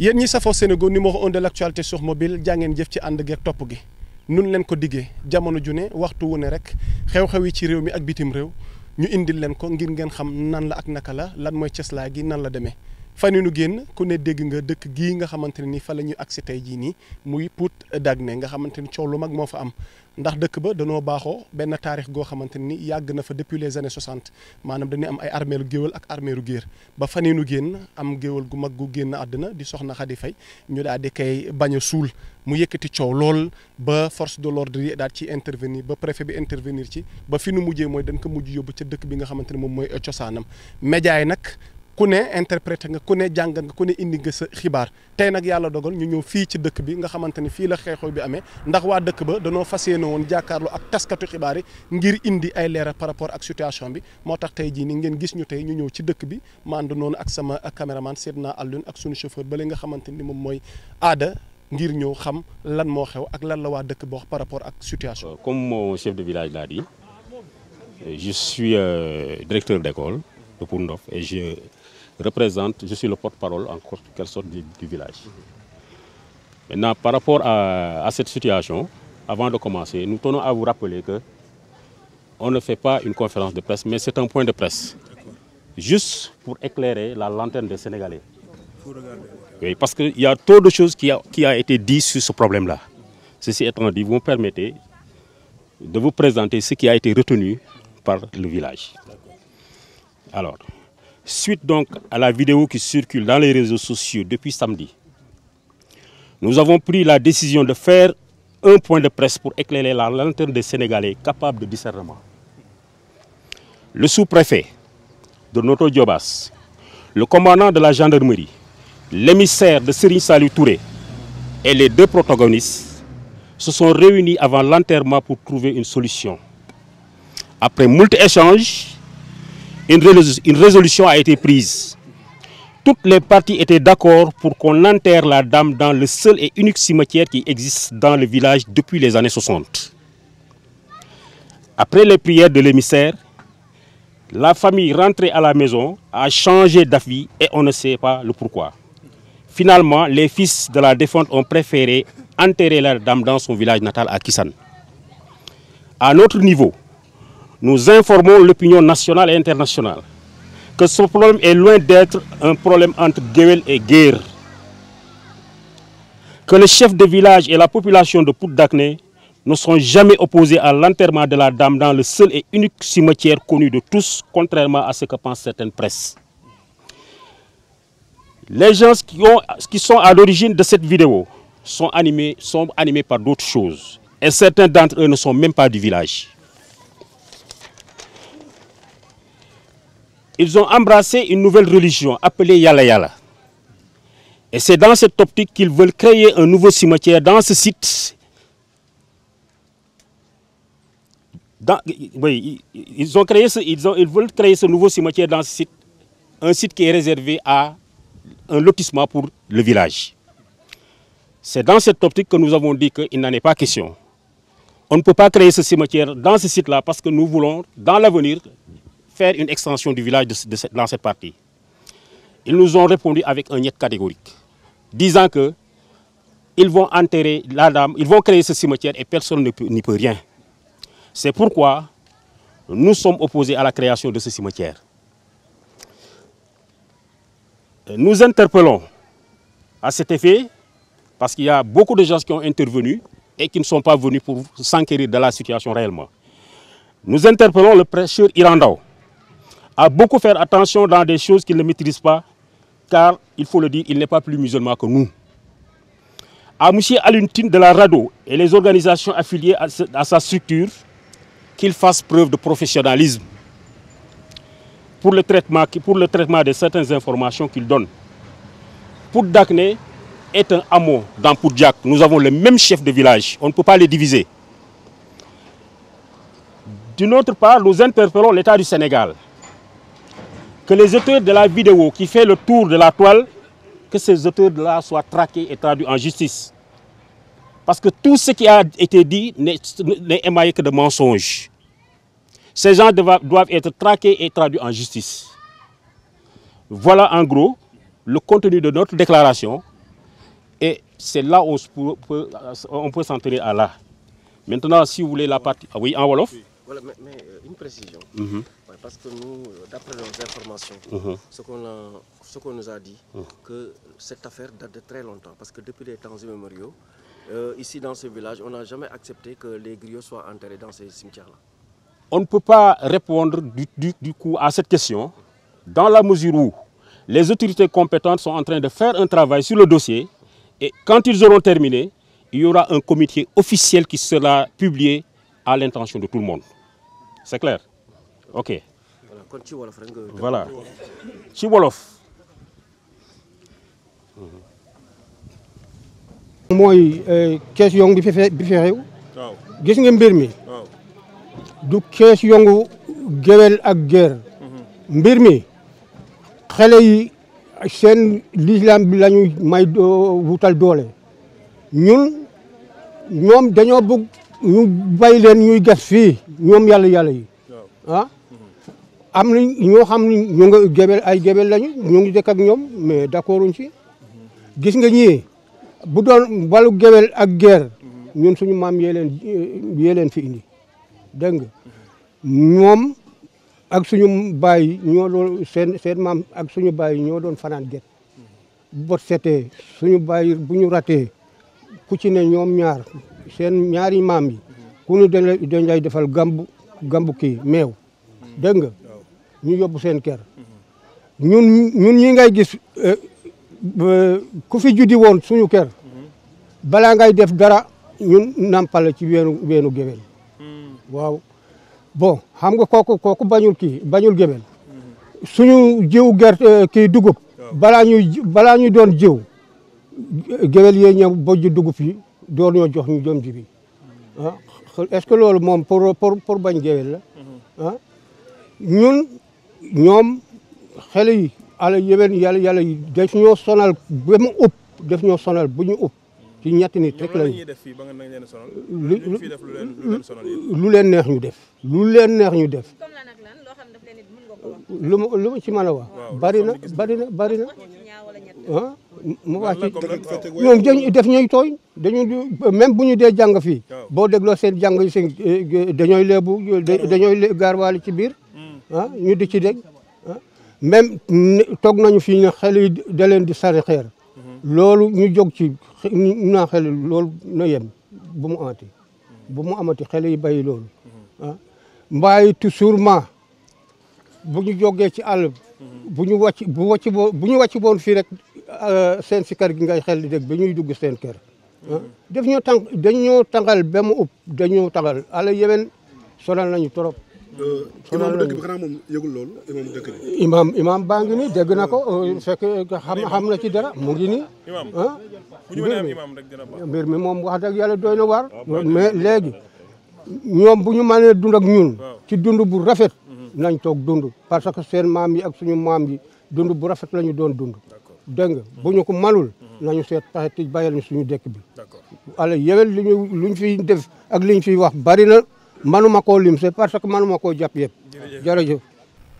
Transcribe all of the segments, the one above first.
yéen ñi safoo Sénégo numéro un de l'actualité sur mobile jàngeen jëf ci ànd geeg topp gi nun leen ko diggee jamono ju ne waxtu wu ne rek xew-xew yi ci réew mi ak bitim réew ñu indi leen ko ngir ngeen xam nan la ak naka la lan mooy cëslaay gi nan la demee fan yu génn ku ne dégg nga dëkk gii nga xamante ne ni fa la ñuy agsi tey jii nii muy Pout Dagné nga xamante ni coow lu mag moo fa am ndax dëkk ba danoo baaxoo benn taarix goo xamante ni yàgg na fa depuis les années 60 maanaam dañuy am ay armeelu géwél ak armeelu géer ba fan yu génn am géwél gu mag gu génn àddina di soxna Xadi Fay ñu daal di koy bañ suul mu yëkkati coow lool ba force de l'ordre yi daal ci intervenir ba préfet bi intervenir ci ba fi nu mujjee mooy dañ ko mujj yóbbu ca dëkk bi nga xamante ne moom mooy cosaanam média yi nag ku ne interprété nga ku ne jàngat nga ku ne indi nga sa xibaar tey nag yàlla dogal ñu ñëw fii ci dëkk bi nga xamante ni fii la xeexoo bi amee ndax waa dëkk ba danoo fas yéene woon jàkkaarloo ak taskatu xibaar yi ngir indi ay leeral par rapport ak situation bi moo tax tey jii ni ngeen gis ñu tey ñu ñëw ci dëkk bi mànd noonu ak sama caméraman Seydina Alioune ak sunu chauffeur ba li nga xamante ni moom mooy aada ngir ñëw xam lan moo xew ak lan la waa dëkk ba wax par rapport ak situation. Euh, comme mon chef de village l'a dit euh, directeur d'école représente, je le porte-parole en quelque sorte du, du, village. par rapport à, à cette situation, avant de commencer, nous tenons à vous rappeler que on ne fait pas une conférence de presse, mais c'est un point de presse. Juste pour éclairer la lanterne des Sénégalais. Oui, parce qu'il y a trop de choses qui a, qui a été dites sur ce problème-là. Ceci étant dit, vous me permettez de vous présenter ce qui a été retenu par le village. Alors, Suite donc à la vidéo qui circule dans les réseaux sociaux depuis samedi, nous avons pris la décision de faire un point de presse pour éclairer la lanterne des Sénégalais capables de discernement. Le sous-préfet de Noto Diobas, le commandant de la gendarmerie, l'émissaire de Serigne Salou Touré et les deux protagonistes se sont réunis avant l'enterrement pour trouver une solution. Après moult échanges, une, résolution a été prise. Toutes les parties étaient d'accord pour qu'on enterre la dame dans le seul et unique cimetière qui existe dans le village depuis les années 60. Après les prières de l'émissaire, la famille rentrée à la maison a changé d'avis et on ne sait pas le pourquoi. Finalement, les fils de la défunte ont préféré enterrer la dame dans son village natal à Kissan. À notre niveau, nous informons l'opinion nationale et internationale que ce problème est loin d'être un problème entre guerre et guerre. Que le chef de village et la population de Pout-Dacné ne sont jamais opposés à l'enterrement de la dame dans le seul et unique cimetière connu de tous, contrairement à ce que pensent certaines presses. Les gens qui, ont, qui sont à l'origine de cette vidéo sont animés, sont animés par d'autres choses. Et certains d'entre eux ne sont même pas du village. ils ont embrassé une nouvelle religion appelée Yalla Yalla. Et c'est dans cette optique qu'ils veulent créer un nouveau cimetière site. Dans, oui, ils, ont créé ce, ils, ont, ils veulent créer ce nouveau cimetière dans ce site, un site qui est réservé à un lotissement pour le village. C'est dans cette optique que nous avons dit qu'il n'en est pas question. On ne peut pas créer ce cimetière dans ce site-là parce que nous voulons, dans l'avenir, faire une extension du village de, de cette, dans cette partie. Ils nous ont répondu avec un niet catégorique, disant que ils vont enterrer la dame, ils vont créer ce cimetière et personne n'y peut, peut rien. C'est pourquoi nous sommes opposés à la création de ce cimetière. Nous interpellons à cet effet, parce qu'il y a beaucoup de gens qui ont intervenu et qui ne sont pas venus pour s'enquérir de la situation réellement. Nous interpellons le prêcheur Irandao, à beaucoup faire attention dans des choses qu'il ne maîtrise pas, car, il faut le dire, il n'est pas plus musulman que nous. À de la RADO et les organisations affiliées à sa structure, qu'il fasse preuve de professionnalisme pour le traitement, pour le traitement de certaines informations qu'il donne. Pour Dacné est un hameau dans Poudjak. Nous avons le même chef de village. On ne peut pas les diviser. D'une autre part, nous interpellons l'État du Sénégal que les auteurs de la vidéo qui fait le tour de la toile, que ces auteurs-là soient traqués et traduits en justice. Parce que tout ce qui a été dit n'est émaillé que de mensonges. Ces gens doivent être traqués et traduits en justice. Voilà en gros le contenu de notre déclaration. Et c'est là où on peut, on peut s'en tenir à là. Maintenant, si vous voulez la partie... Ah oui, en Wolof Voilà, mais, mais euh, une précision. Mhm. parce que nous, euh, mhm. a dit, mhm. que cette affaire date très longtemps. Parce que depuis les temps immémoriaux, euh, ici dans ce village, on n'a jamais accepté que les griots soient enterrés dans ces cimetières-là. On ne peut pas répondre à cette question, dans la mesure où les autorités compétentes sont en train de faire un travail sur le dossier, et quand ils auront terminé, il y aura un comité officiel qui sera publié à l'intention de tout le monde. c'est ci wolof rek nga. wolof. mooy euh, kees yongu bi fi gis nga mbir mi. du kees yongu géwél ak géer. Mhm. mbir mi xale yi seen lislaam bi la may wutal doole ñun ñoom dañoo bëgg. ñu bay leen ñuy gas fii ñoom yàlla yàlla yi ah am na ñoo xam ne ñu nga gebel ay gebel lañu ñu ngi dëkk ak ñoom mais d'accord uñ ci gis nga ñii bu doon balu gebel ak guerre ñun suñu maam yee leen yee fi indi dégg nga ñoom ak suñu bay ñoo doon seen ak suñu baay ñoo doon fanaan get bot setee suñu bay bu ñu ratee ku ci ne ñoom ñaar seen ñaari maam yi ku nu dañ defal gambu gambu kii meew dégg nga ñu yóbbu seen ker ñun ñun ñi ngay gis euh, euh, ku fi juddi woon suñu ker balaa ngay def dara ñun nampal ci weenu weenu géwél waaw bon xam nga kooku kooku bañul kii bañul géwél suñu jiw gerte euh, kii dugub balaa ñuy ñu doon jiw géwél yee ñëw bojj dugub yi door ñoo jox ñu doom ji bi ah est-ce que loolu moom pour pour pour bañ géwél la mm-hmm. ah ñoom xale yi ala yéwén yàlla yàlla yi daf sonal ba mu ñoo sonal buñu ñu ci ñetti nit rek lañu lu leen neex ñu def lu leen neex ñu def lu ma lu ma ci mën a wax bari na bari na bari na ah mu wax ci ñoom ñu def ñooy tooñ dañu même bu ñu dee jàng fii boo dégloo seen jàng yi seen eh, eh, dañooy leebu dañooy gaarwaale ci biir hmm. ah ñu di ci dégg ah même toog nañu fii ne xel yi da leen di sari xeer loolu ñu jóg ci naa xel loolu na bu mu amati bu mu amati xel yi bàyyi loolu mm-hmm. ah mbaayi toujours bu ñu jógee ci àll mm-hmm. bu ñu wàcc bu wàcc bu ñu wàcc boon fii rek euh, seen si kër gi ngay xel di dégg ba ñuy dugg seen kër ah. mm-hmm. def ñoo tànk dañoo tàngal ba mu ëpp dañoo tàngal ala yewen sonal nañu trop imaamu dëkk bi xanaa moom yëgul loolu imaamu dëkk bi. imaam imaam baa ngi nii dégg na ko euh, fekk xam xam na ci dara mu ngi nii. ah mbir mi mbir mi moom wax dëgg yàlla doy na waar. Ah, mais léegi ñoom bu ñu mënee dund ak ñun. ci dund bu rafet. Mhm. nañ toog dund parce que seen maam yi ak suñu maam yi dund bu rafet lañu doon dund. dégg nga bu ñu ko malul mhm. nañu seet pexe ti bàyyil ñu suñu dëkk bi. d'accord alors luñ fiy def ak liñ fiy wax bari na. manuma koo lim c'est parce que manuma koo jàpp yëpp jërëjëf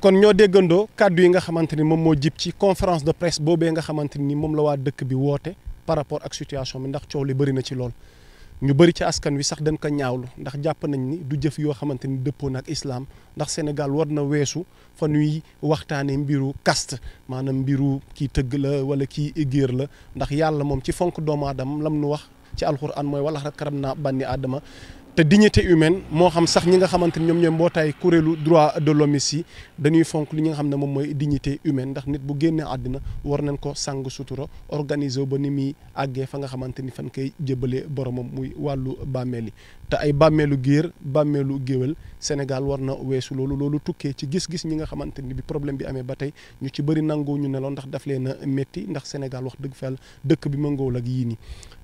kon ñoo déggandoo kàddu yi nga xamante ni moom moo jib ci conférence de presse boobee nga xamante ni moom la waa dëkk bi woote par rapport ak situation bi ndax coow li bëri na ci lool ñu bëri ci askan wi sax dañ ko ñaawlu ndax jàpp nañ ni du jëf yoo xamante ni dëppoon ak islaam ndax Sénégal war na weesu fa ñuy waxtaanee mbiru kast maanaam mbiru kii tëgg la wala kii igéer la ndax yàlla moom ci fonk doomu aadama lam nu wax ci alxuraan mooy wala karam naa banni aadama te dignité humaine moo xam sax ñi nga xamante ni ñoom ñooy mbootaay kuréelu droit de l'homme yi dañuy fonk li nga xam ne moom mooy dignité humaine ndax nit bu génnee àddina war nañ ko sàng sutura organiser ba ni muy àggee fa nga xamante ni fan koy jëbalee boromam muy wàllu bàmmeel yi te ay bàmmeelu géer bàmmeelu géwél Sénégal war na weesu loolu loolu tukkee ci gis-gis ñi nga xamante ni bi problème bi amee ba tey ñu ci bëri nangoo ñu neloon ndax daf leen a métti ndax Sénégal wax dëgg fa dëkk bi mëngoowul yii nii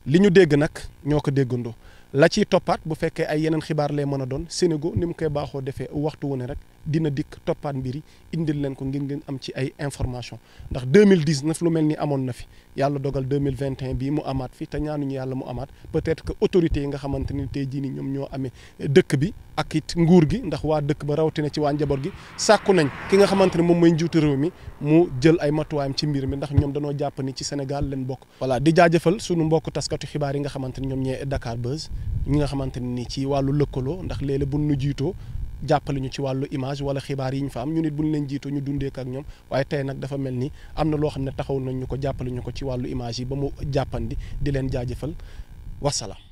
li ñu dégg nag ñoo ko déggandoo la ciy toppaat bu fekkee ay yeneen xibaar lay mën a doon Sénégo ni mu koy baaxoo defee waxtu wu ne rek dina dikk toppaat mbir yi indil leen ko ngir ngeen am ci ay information ndax 2019 lu mel ni amoon na fi yàlla dogal 2021 bii mu amaat fi te ñu yàlla mu amaat peut-être que autorités yi nga xamante te tey jii nii ñoom ñoo amee dëkk bi ak it nguur gi ndax waa dëkk ba rawatina ci waa njaboot gi sàkku nañ ki nga xamante ne moom mooy njiitu réew mi mu jël ay matuwaayam ci mbir mi ndax ñoom danoo jàpp ni ci Sénégal leen bokk. voilà di jaajëfal sunu mbokk taskatu xibaar yi nga xamante ni ñoom ñee Dakar ñi nga xamante ni ci wàllu lëkkaloo ndax léeg bu nu jiitoo jàppale ci wàllu image wala xibaar yi ñu fa am ñu nit buñ leen jiitu ñu dundee ak ñoom waaye tey nag dafa mel ni am na loo xam ne taxaw nañ ñu ko jàppale ko ci wàllu image yi ba mu jàppandi di leen jaajëfal wasalaam